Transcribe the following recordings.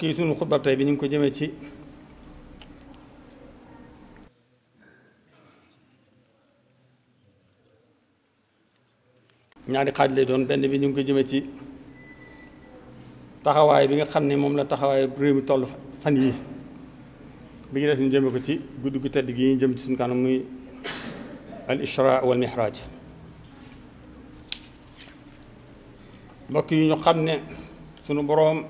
mbokk yi sunu xutba tey bi ñu ngi ko jëmee ci ñaari xaaj lay doon benn bi ñu ngi ko jëmee ci taxawaay bi nga xam ne moom la taxawaay réew mi toll fan yi bi ngi des ñu jëmee ko ci guddi gu tedd gi ñu jëm ci suñu kanam muy al isra wal mihraj mbokk yi ñu xam ne sunu boroom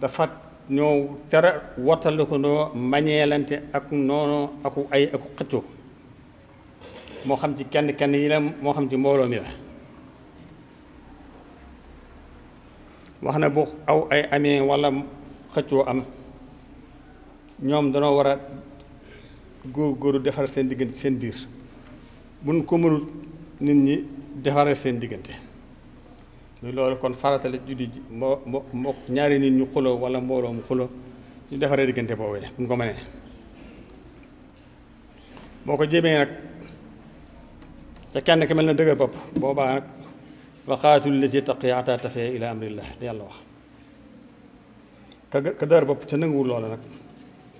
dafa ñoo tera wattandikoo mañeelante ak noonu ak ay ak xëccoo moo xam ci kenn kenn yi la moo xam ci mbooloo mi la wax na bu aw ay amee walla xëccoo am ñoom danoo war a góor-góoru defar seen diggante seen biir buñ ko mënul nit ñi defaral seen diggante loolu kon farata la julli ji moo moo moo ñaari nit ñu xuloo wala mbooloo mu xuloo ñu defaree diggante boobee bu ñu ko mënee boo ko jëmee nag te kenn ki mel na dëgër bopp boobaa nag fa xaatul li ci taq ata tafee ila amrillah li yàlla wax ka ka bopp te nanguwul loola nag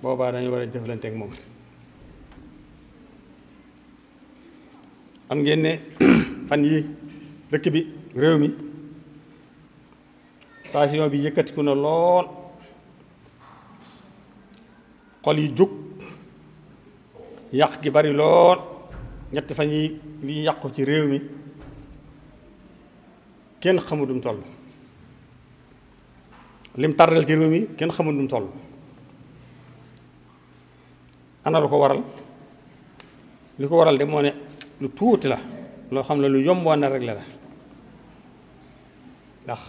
boobaa dañu war jëflanteek moom am ngeen ne fan yi dëkk bi réew mi tension bi yëkkatiku na lool xol yi jug yàq gi bari lool ñetti fan yi liy yàqu ci réew mi kenn xamul dum toll lim tardel ci réew mi kenn xamul dum toll ana lu ko waral li ko waral de moo ne lu tuuti la loo xam ne lu yomboon na régler la ndax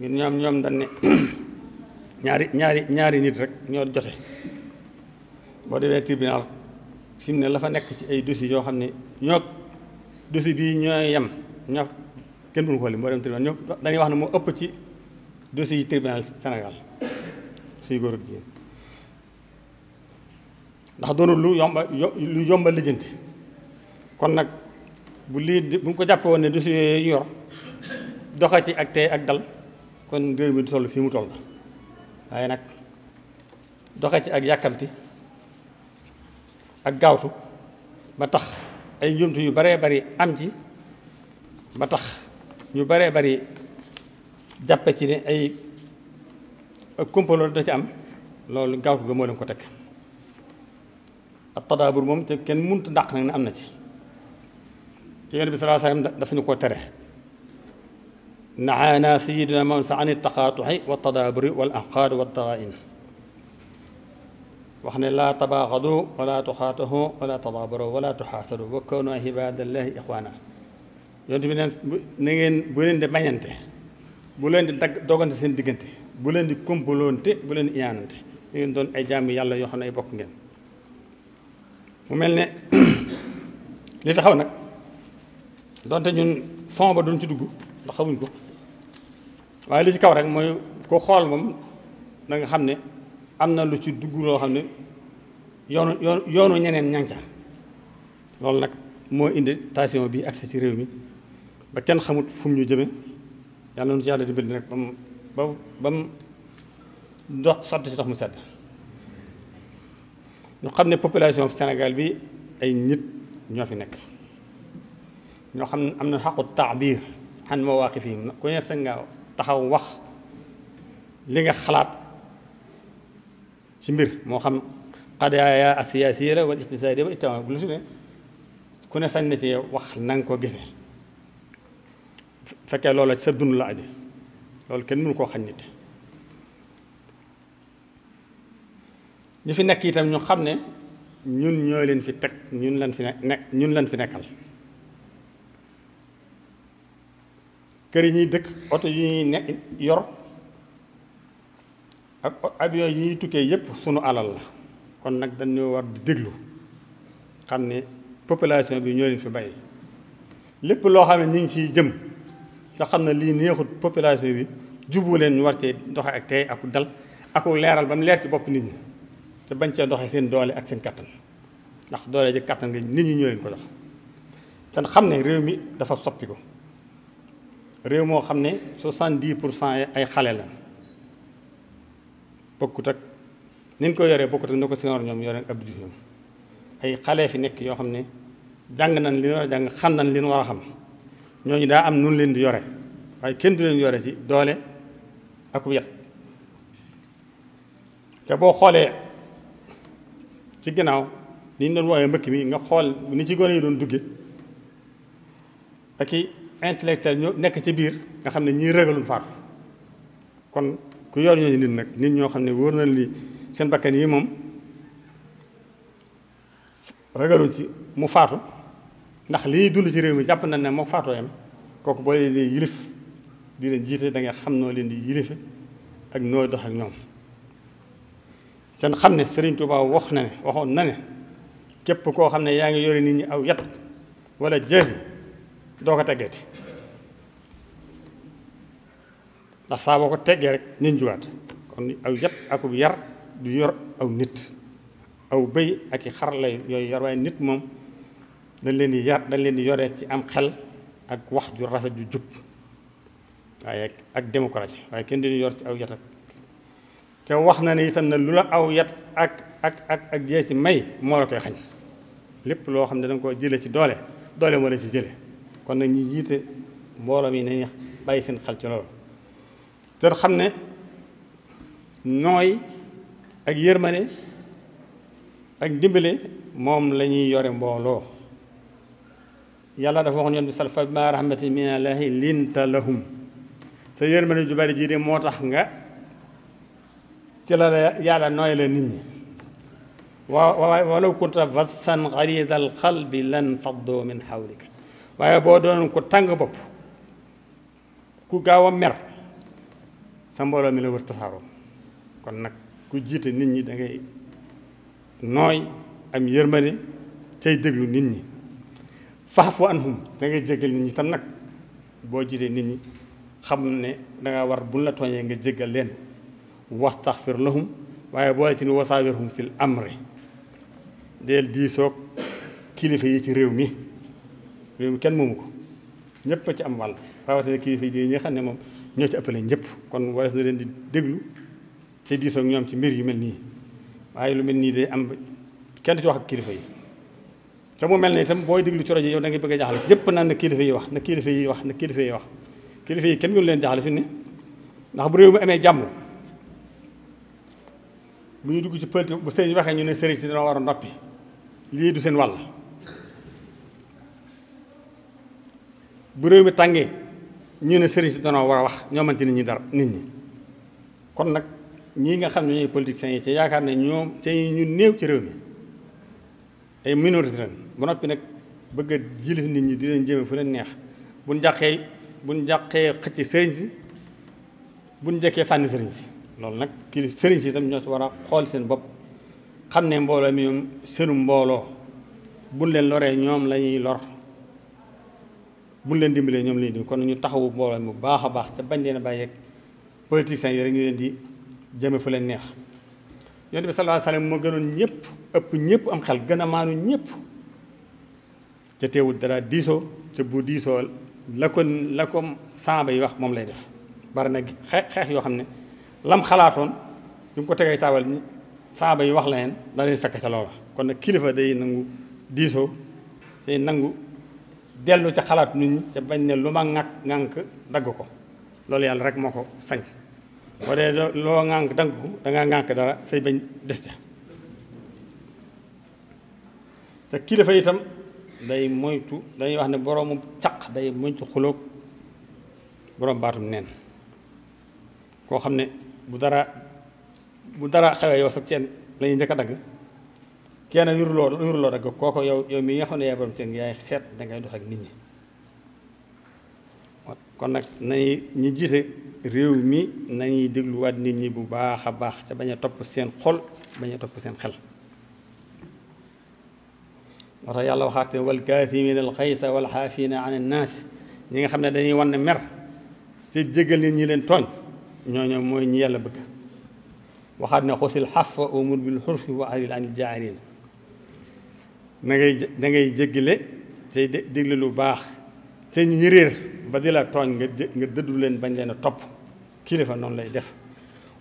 ngir ñoom ñoom dañ ne ñaari ñaari ñaari nit rek ñoo jote boo demee tribunal fi mu ne la fa nekk ci ay dossiers yoo xam ne ñoo dosi bii ñooy yem ñoo kenn duñu ko lim boo dem tribunal ñoo dañuy wax ne moo ëpp ci dossier yi tribunal Sénégal suy góor ak jigéen ndax doonul lu yomba lu yomba lijjanti kon nag bu lii bu ñu ko jàppee ne dossier yooyu yor doxa ci ak tey ak dal kon réew mi du toll fii mu toll waaye nag doxe ci ak yàkkamti ak gaawtu ba tax ay njumtu yu baree bari am ci ba tax ñu baree bari jàppe ci ne ay kompaloo da ci am loolu gaawtu ga moo leen ko teg ak tadaabur moom te kenn mënut dàq nag ne am na ci ci Yonent bi sallallahu alayhi dafa ñu ko tere نعانا سيدنا موسى عن التقاطع والتدابر والأنقاد والضغائن وحن لا تباغضوا ولا تخاطهوا ولا تضابروا ولا تحاسروا وكونوا عباد الله إخوانا يجب نين بولين دي مانينتي بولين دي دوغن سين ديغنتي بولين دي كوم بولونتي بولين يانتي نين دون اي جامي يالا اي بوك نين وملني لي في خاو نك دونت ndax xamuñ ko waaye li ci kaw rek mooy ku xool moom da nga xam ne am na lu ci dugg loo xam ne yoonu yoonu yoonu ñeneen ñanca loolu nag moo indi tension bi agsi ci réew mi ba kenn xamut fu mu ñu jëme yàlla nu ci yàlla dimbali nag ba mu ba ba mu ndox sotti ci ndox mu sedd ñu xam ne population Sénégal bi ay nit ñoo fi nekk ñoo xam ne am na xaqu taabiir han mo mawaqifihim ku ne sa nga taxaw wax li nga xalaat ci mbir mo xam qadaya asiyaasiya wal wala iqtisaadiya ba itam lu si ne ku ne sañ na ci wax nang nga ko gisee lolo ci sa dund la aje lolo ken mënu ko xagn nit ñu fi nekk itam ñu xam ne ñun ñoo leen fi teg ñun lan fi ne ñun lan fi nekkal kër yi ñuy dëkk oto yi ñuy ne yor ak avion yi ñuy tukkee yépp sunu alal la kon nag dañoo war di déglu xam ne population bi ñoo leen fi bàyyi lépp loo xam ne ñu ngi ciy jëm te xam ne lii neexut population bi jubu leen ñu war cee doxe ak tey ak dal ak leeral ba mu leer ci bopp nit ñi te bañ cee doxee seen doole ak seen kattan ndax doole ji kattan nga nit ñi ñoo leen ko jox te xam ne réew mi dafa soppi ko réew moo xam ne soixante-dix pour cent ay xale la bokkut ak ni ñu ko yoree bokkut ak na ko Senghor ñoom yoreen Abdou Diouf ay xale fi nekk yoo xam ne jàng nañ li war a jàng xam nañ li ñu war a xam ñooñu daa am nun leen di yore waaye kenn du leen yore ci doole ak yat te boo xoolee ci ginnaaw ñu doon mbëkk mi nga xool ni ci gone yi doon dugge ak intellectuel ñoo nekk ci biir nga xam ne ñii ragaluñ faatu kon ku yor ñooñu nit nag nit ñoo xam ne wóor na li seen bakkan yi moom ragaluñ ci mu faatu ndax li dund ci réew mi jàpp nañ ne moo faatoo yam kooku boo leen di yilif di leen jiite da nga xam noo leen di yilife ak nooy dox ak ñoom ten xam ne Serigne Touba wax na ne waxoon na ne képp koo xam ne yaa ngi yore nit ñi aw yat wala jeexi doo ko teggeeti ndax saa boo ko teggee rek nin juwaat kon aw yat akub yar du yor aw nit aw bëy ak xar lay yoy yor way nit mom dañ leen di yar dañ leen di yoree ci am xel ak wax ju rafet ju jup waaye ak démocratie waaye kenn dañu yor ci aw yat ak te wax na ni tan ne lu la aw yat ak ak ak ak ye ci may mo la koy xañ lépp lo xamne dañ ko jële ci doole doole mo la ci jële kon nag ñi yité mbolam yi nañ bay seen xel ci loolu te xam ne nooy ak yërmane ak ndimbale moom la ñuy yore mbooloo yàlla dafa waxoon yoon bi sal fa bi ma rahmatin min allahi linta lahum sa yërmane ju bari ji de moo tax nga ci la yàlla nooy la nit ñi waaw walaw kunta vassan xaliza al qalbi lan faddo min xawlika waaye boo doon ko tàng bopp ku gaaw a mer sa mbooloo mi la wër tasaaroo kon nag ku jiite nit ñi da ngay nooy am yërmande cay déglu nit ñi faafu anhum da ngay jéggal nit ñi tam nag boo jiitee nit ñi xam ne danga war buñ la tooñee nga jéggal leen wastaxfir lahum waaye boole ci ni wasaawirhum fil amri deel diisoog kilifa yi ci réew mi réew mi kenn moomu ko ñépp a ci am wàll rawatina kilifa yi ñi nga xam ne moom ñoo ci ëppale ñëpp kon waras na leen di déglu te diisoog ñoom ci mbir yu mel nii waaye lu mel nii de am kenn ci wax ak kilifa yi te mu mel ne itam booy déglu ci rajo yow da ngay bëgg a jaaxle ñëpp naan na kilifa yi wax na kilifa yi wax na kilifa yi wax kilifa yi kenn mënu leen jaaxle fi ne ndax bu réew mi amee jàmm bu ñu dugg ci politique bu sëriñ waxee ñu ne sëriñ si dana war a noppi lii du seen wàll bu réew mi tàngee ñu ne sëriñ si danoo war a wax ñoo mënti nit ñi dara nit ñi kon nag ñii nga xam ne ñooy politiciens yi ci yaakaar ne ñoom ci ñu néew ci réew mi ay minorité ba noppi nag bëgg a nit ñi di leen jëme fu leen neex buñ njàqee buñ njàqee xëcc sëriñ si bu njëkkee sànni sëriñ si loolu nag kii sëriñ si itam ñoo si war a xool seen bopp xam ne mbooloo mi ñoom seenu mbooloo buñ leen loree ñoom lañuy lor buñ leen dimbalee ñoom lii di kon ñu taxawu mbooloo bu baax a baax te bañ leen a bàyyeeg politiciens yi rek di jëme fu leen neex yonent bi sallallahu moo gënoon ñëpp ëpp ñëpp am xel gën ñëpp te teewul dara diisoo te bu diisoo la ko la ko saaba yi wax moom lay def bari na xeex xeex yoo xam ne lam xalaatoon du ko tegee taabal saaba yi wax la leen da leen fekk ca loola kon nag kilifa day nangu diisoo day nangu delu ci xalat nit ñi ci bañ ne lu ma ngak ŋànk dagg ko lolu yalla rek moko sañ bo de lo ngank dag ko da nga ngank dara sey bañ des ca te kilifa itam day moytu dañuy wax ne borom ciak day moytu xulok borom batum neen ko xamne bu dara bu dara xewé yow lañu jëk dag كان يرلو يرلو رك كوكو يو يو مي يخون يا برم تين يا سيت دا غاي دوخ نيني كون نك ناي ني جيت ريو مي ناي ديغلو واد نيني بو باخا باخ تا باña توب سين خول باña توب سين خل ورا يالا وخات والكاثمين الخيس والحافين عن الناس نيغا خامنا داني وان مر تي جيغل نيني لين توغ ньоньо موي ني يالا بك وخات نا خوس الحف امور بالحرف واهل الان الجاهلين na ngay da ngay jéggale tey digle lu baax te ñu réer ba di la tooñ nga nga dëddu leen bañ leen a topp kilifa noonu lay def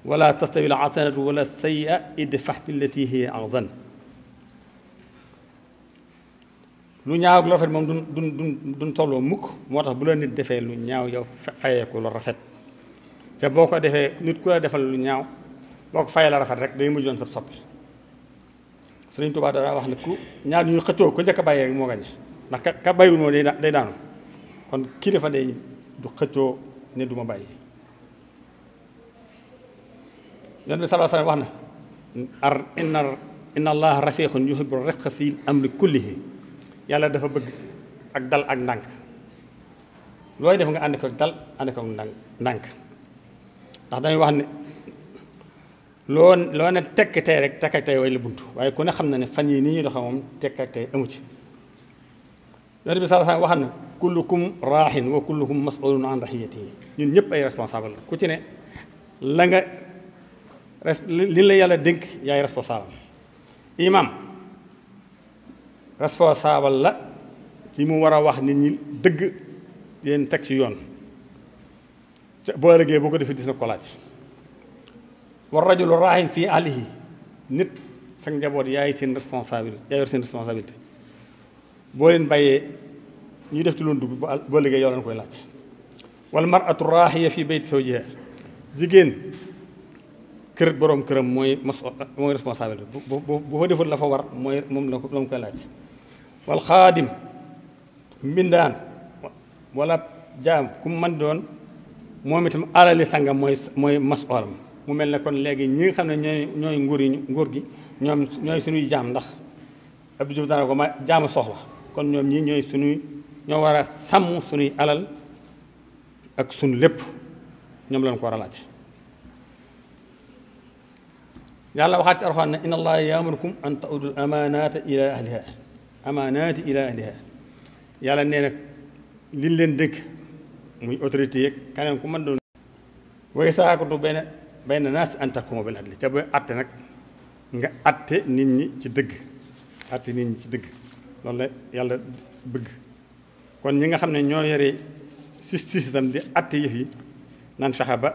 wala tastawi al xasanatu wala sayya idfax billati hiya ahsan lu ñaaw ak lu rafet moom duñ duñ duñ duñ tolloo mukk moo tax bu la nit defee lu ñaaw yow fayee ko lu rafet te boo ko defee nit ku la defal lu ñaaw boo ko fayee la rafet rek day mujjoon sa soppi serigne touba dara wax na ku ñaan ñu xëccoo ku ñëk baye mo gañ na ka ka mo day daanu kon kilifa day du xëccoo ne duma baye bàyyi bi sallallahu alayhi wasallam wax na ar inna inna allah rafiqun yuhibbu rifqa fi amri kullihi yalla dafa bëgg ak dal ak ndànk loy def nga and ko dal and ko ndànk ndax dañuy wax ne loo loo ne tekk tey rek tekk ak tey way la bunt waaye ku ne xam na ne fan yii ni ñuy doxee moom tekk tey amu ci yonent bi sallallahu alayhi wasallam wax na kullukum raaxin wa kullukum mas'ulun an ñun ñëpp ay responsable la ku ci ne la nga li la yàlla dénk yaay responsable imam responsable la ci mu war a wax nit ñi dëgg leen teg ci yoon boo ëllëgee boo ko defee dis na ko war rajulu raahin fii ahlihi nit sa njaboot yaay seen responsabilité yaa yor seen responsabilité boo leen bàyyee ñuy def ci loon dugg boo liggéey yoo leen koy laaj wal maratu raahiya fii bayti zawjiha jigéen kër boroom këram mooy mas mooy responsabilité bu fa deful la fa war mooy moom la mu koy laaj wal xaadim mbindaan wala jaam ku mu mën doon moom itam alali sangam mooy mooy mas olam mu mel na kon léegi ñi xam ne ñooy ñooy nguur yi nguur gi ñoom ñooy suñuy jaam ndax ab Diouf ko ma jaamu soxla kon ñoom ñii ñooy suñuy ñoo war a sàmm suñuy alal ak suñu lépp ñoom lañ ko war a laaj yàlla waxaat ci alxuraan ne inna allaha yaamurukum an ta'udul amaanaati ila ahliha yàlla nee na liñ leen dëkk muy autorité yeeg keneen ku mën doon way saakatu benn bay na naa si an taxkuma bil adli ca booy atte nag nga atte nit ñi ci dëgg atte nit ñi ci dëgg loolu la yàlla bëgg kon ñi nga xam ne ñoo yore justice itam di atte yëf naan fexe ba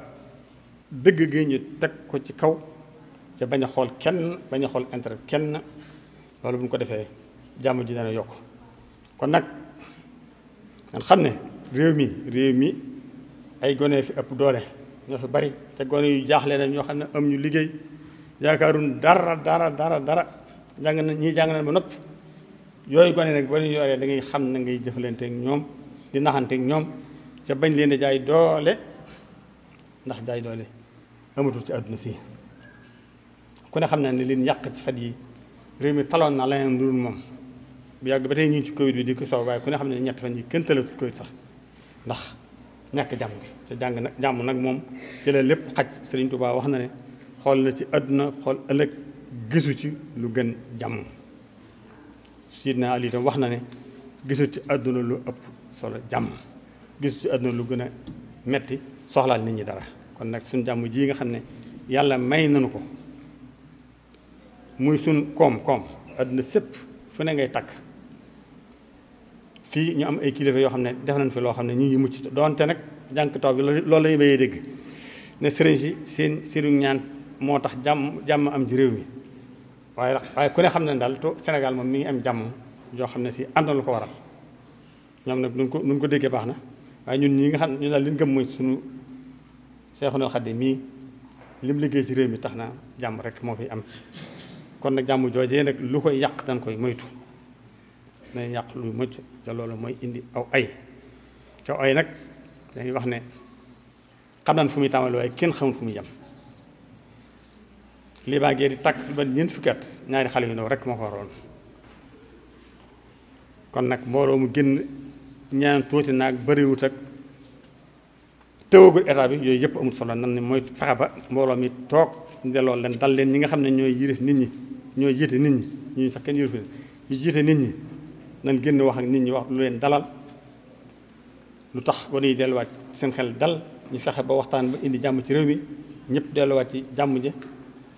dëgg gi ñu teg ko ci kaw ca bañ a xool kenn bañ a xool intérêt kenn loolu bu ñu ko defee jàmm ji dana yokk kon nag nga xam ne réew mi réew mi ay gone fi ëpp doole ñoo fi bari te gone yu jaaxle na ñoo xam ne am ñu liggéey yaakaarun dara dara dara dara jàng na ñii jàng nañ ba noppi yooyu gone nag ba ñu yoree da ngay xam na ngay jëflanteek ñoom di naxanteek ñoom ca bañ leen di jaay doole ndax jaay doole amatul ci àdduna si ku ne xam na ni leen yàq ci fet yi réew mi taloon naa leneen lu moom bu yàgg ba tey ñu ci kowit bi di ko soow waaye ku ne xam ne ñett fan yi kenn talatul Covid sax ndax ñàkk jàmm gi te jàng nag jàmm nag moom ci la lépp xaj Sëriñ Tuubaa wax na ne xool na ci àdduna xool ëllëg gisu ci lu gën jàmm Sidna Ali itam wax na ne gisu ci àdduna lu ëpp solo jàmm gisu ci àdduna lu gën a metti soxlaal nit ñi dara kon nag suñ jàmm ji nga xam ne yàlla may nañu ko muy suñ koom koom àdduna sépp fu ne ngay takk fii ñu am ay kilifa yoo xam ne def nañ fi loo xam ne ñu ngi mucc doonte nag jànq taw bi loolu lañu béyee dégg ne sëriñ si seen seenu ñaan moo tax jàmm jàmm am ci réew mi waaye waaye ku ne xam ne daal Sénégal moom mi ngi am jàmm joo xam ne si àndoon lu ko waral ñoom nag nu ko nu ko déggee baax na waaye ñun ñi nga xam ñu daal li ñu gëm mooy suñu Seexul Xadiim mii lim liggéey ci réew mi tax na jàmm rek moo fi am kon nag jàmm joojee nag lu koy yàq dañ koy moytu danañ yàq luy mucc te loolu mooy indi aw ay te aw ay nag dañuy wax ne xam nañ fu muy tàmbali waaye kenn xamul fu muy yem lii baa ngee di tàkk ba ñeent fukki at ñaari xale yu ndaw rek moo ko waroon kon nag mbooloo mu génn ñaan tuuti naag bëriwut ak tëwagul état bi yooyu yëpp amul solo nan ni mooy fexe ba mbooloo mi toog delloo leen dal leen ñi nga xam ne ñooy yirif nit ñi ñooy jiite nit ñi ñu sax kenn yirif ñu jiite nit ñi nan génn wax ak nit ñi wax lu leen dalal lu tax gone yi delluwaat seen xel dal ñu fexe ba waxtaan ba indi jàmm ci réew mi ñëpp delluwaat ci jàmm ji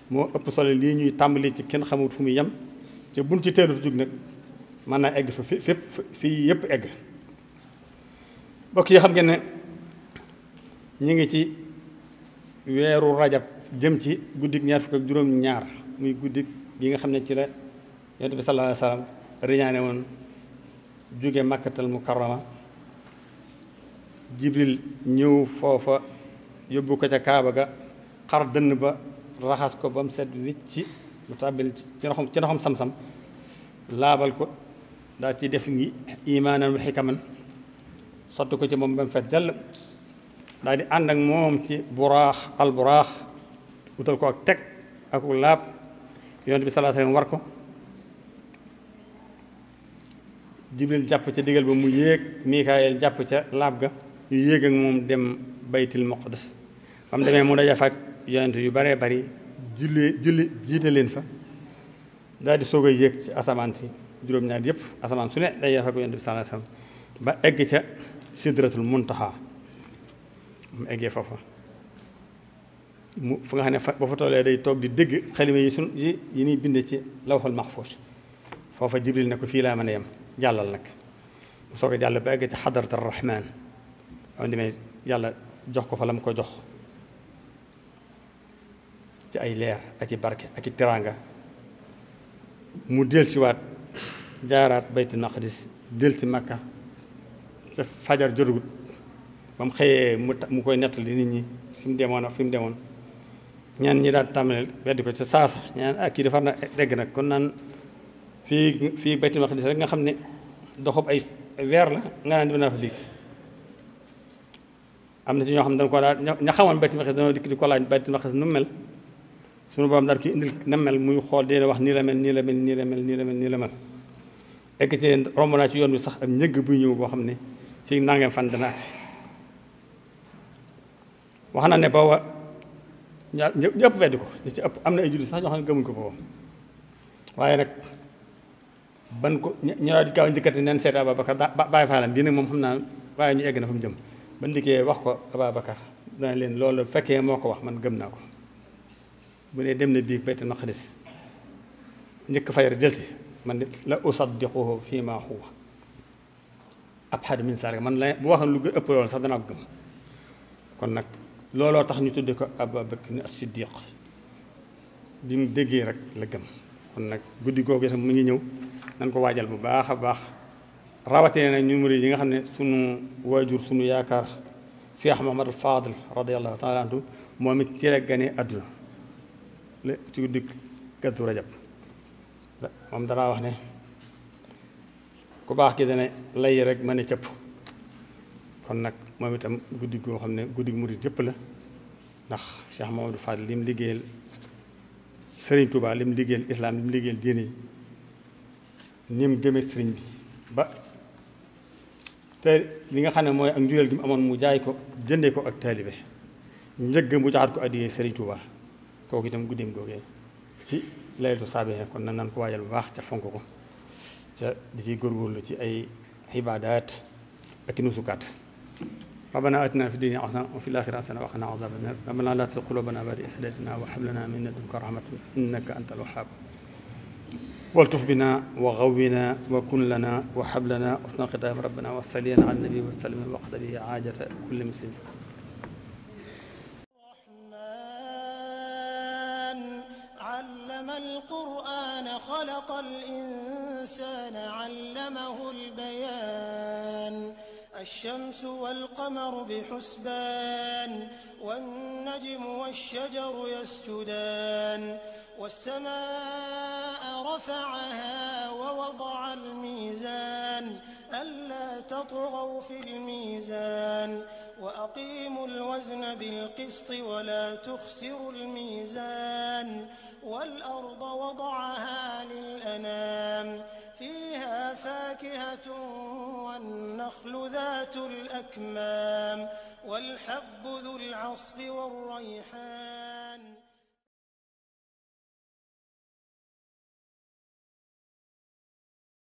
moo ëpp solo lii ñuy tàmbali ci kenn xamut fu muy yem te buñ ci teelut jug nag mën naa fi fépp fii yëpp egg bokk yi xam ngeen ne ñu ngi ci weeru rajab jëm ci guddik ñaar fukk juróom ñaar muy guddik gi nga xam ne ci la yonent bi sallallahu alayhi wa riñaane woon jóge makkatal mukarrama jibril ñëw foofa yóbbu ko ca kaaba ga xar dënn ba raxas ko ba mu set wicci mu tàbbil ci ndoxum ci ndoxum sam-sam laabal ko daal ci def ngi imaanan wa xikaman sotti ko ci moom ba mu fet jàll daal di ànd ak moom ci buraax al buraax wutal ko ak teg ak laab yonent bi sallallahu alayhi wa sallam war ko jibril jàpp ca digal ba mu yéeg mikaayel jàpp ca laab ga yu yéeg ak moom dem baytil muqaddas ba mu demee mu daje fa ak yonent yu baree bari julli julli jiite leen fa daal di soog a yéeg ci asamaan si juróom-ñaar yëpp asamaan su ne day dafa ko yonent bi sallallahu alayhi wasallam ba egg ca sidratul muntaha mu eggee foofa mu fu nga xam ne fa ba fa tollee day toog di dégg xalima yi sun yi yi ñuy binde ci lawxul maxfuus foofa jibril ne ko fii laa mën a yem جل لك وسوق جل بقى جت حضرة الرحمن عندما جل جخ فلم كو جخ تأي لير أكي بركة أكي ترانجا موديل سوات جارات بيت المقدس دلت مكة فجر جرود بام خي مكوي نتل دي نيني فيم ديمون فيم ديمون ñan ñi daan tàmmale weddi ko ca saasa ñaan ak ki defar na dégg nag kon naan في في بيت المقدس رك نخم ن دخوب أي فير لا نعند بنا في ليك أمن تجي نخم دم كلا نخم بيت المقدس دم ديك دكلا بيت المقدس نمل سنو بام دار كي نمل نمل مي خال دين وح نيل من نيل من نيل من نيل من نيل من أكتر رومانا تيون مسخ نجبي نيو بخم ن في نعند فان دناس وحنا نبوا ñap ñap fédd ko ci ëpp am na ay ban ko ñu daal di gaaw njëkkati neen seet Ababacar bàyyi faalam bii nag moom naa waaye ñu egg na fa mu jëm ban dikkee wax ko Ababacar dana leen loolu fekkee moo ko wax man gëm naa ko bu ne dem na bii bayt maqdis njëkk fayar jëlsi man la usaddiquhu fii maa huwa abhad min zaalika man la bu wax lu gën ëpp loolu sax danaa ko gëm kon nag looloo tax ñu tudde ko Ababacar as-Siddiq bi mu déggee rek la gëm kon nag guddi googu sax mu ngi ñëw nañ ko waajal bu baax a baax rawatina nag ñu murid yi nga xam ne sunu waajur sunu yaakaar Cheikh Mahamadou Fadil radiyallahu taala anhu moom it ci la gane àdduna la ci guddi gàddu rajab moom danaa wax ne ku baax ki dana lay rek mën a cëpp kon nag moom itam guddi goo xam ne guddi murid yëpp la ndax Cheikh Mahamadou Fadil li mu liggéeyal Serigne Touba li mu liggéeyal islam li mu liggéeyal diine ji ni mu gëmee sëriñ bi ba te li nga xam ne mooy ak njureel gi mu amoon mu jaay ko jëndee ko ak taalibe njëgg mu jaxat ko addiyee sëriñ Touba kooku itam guddeem googee ci laylatu saabixee kon nan nan ko waajal bu baax ca fonk ko ca di ci góorgóorlu ci ay ibaadaat ak i nusukaat ربنا آتنا في الدنيا حسنة وفي الآخرة حسنة وقنا عذاب النار ربنا لا تزغ قلوبنا بعد إذ هديتنا وهب لنا من لدنك رحمة إنك أنت الوهاب والتف بنا وغونا وكن لنا وحبلنا وثناء وثنى قدام ربنا وصلينا على النبي وسلم وقت به عاجة كل مسلم الرحمن علم القرآن خلق الإنسان علمه البيان الشمس والقمر بحسبان والنجم والشجر يسجدان والسماء رفعها ووضع الميزان ألا تطغوا في الميزان وأقيموا الوزن بالقسط ولا تخسروا الميزان والأرض وضعها للأنام فيها فاكهة والنخل ذات الأكمام والحب ذو العصف والريحان